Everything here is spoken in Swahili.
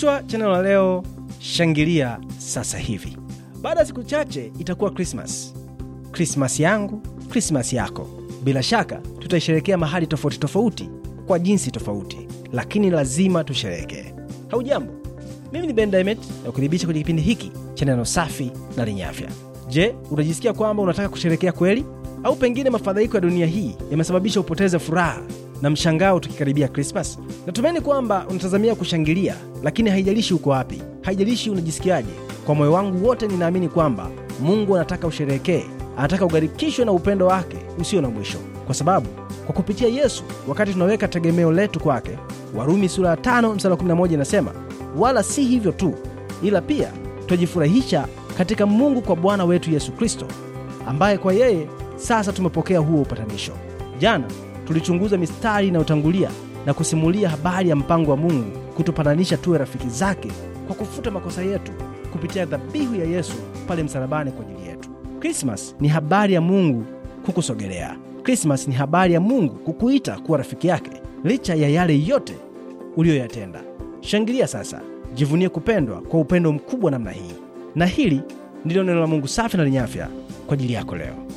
Kichwa cha neno la leo, shangilia sasa hivi. Baada ya siku chache itakuwa Krismas. Krismas yangu, Krismas yako. Bila shaka tutaisherekea mahali tofauti tofauti kwa jinsi tofauti, lakini lazima tusherekee. Haujambo, mimi ni Ben Diamond na kukaribisha kwenye kipindi hiki cha neno safi na lenye afya. Je, unajisikia kwamba unataka kusherekea kweli, au pengine mafadhaiko ya dunia hii yamesababisha upoteze furaha na mshangao tukikaribia Krismas. Natumaini kwamba unatazamia kushangilia, lakini haijalishi uko wapi, haijalishi unajisikiaje, kwa moyo wangu wote ninaamini kwamba Mungu anataka usherehekee, anataka ugharikishwe na upendo wake usio na mwisho, kwa sababu kwa kupitia Yesu wakati tunaweka tegemeo letu kwake. Warumi sura ya 5 mstari 11 inasema, wala si hivyo tu, ila pia twajifurahisha katika Mungu kwa Bwana wetu Yesu Kristo, ambaye kwa yeye sasa tumepokea huo upatanisho. Jana tulichunguza mistari inayotangulia na kusimulia habari ya mpango wa Mungu kutupatanisha tuwe rafiki zake kwa kufuta makosa yetu kupitia dhabihu ya Yesu pale msalabani kwa ajili yetu. Krismas ni habari ya Mungu kukusogelea. Krismas ni habari ya Mungu kukuita kuwa rafiki yake licha ya yale yote uliyoyatenda. Shangilia sasa, jivunie kupendwa kwa upendo mkubwa namna hii. Na hili ndilo neno la Mungu safi na lenye afya kwa ajili yako leo.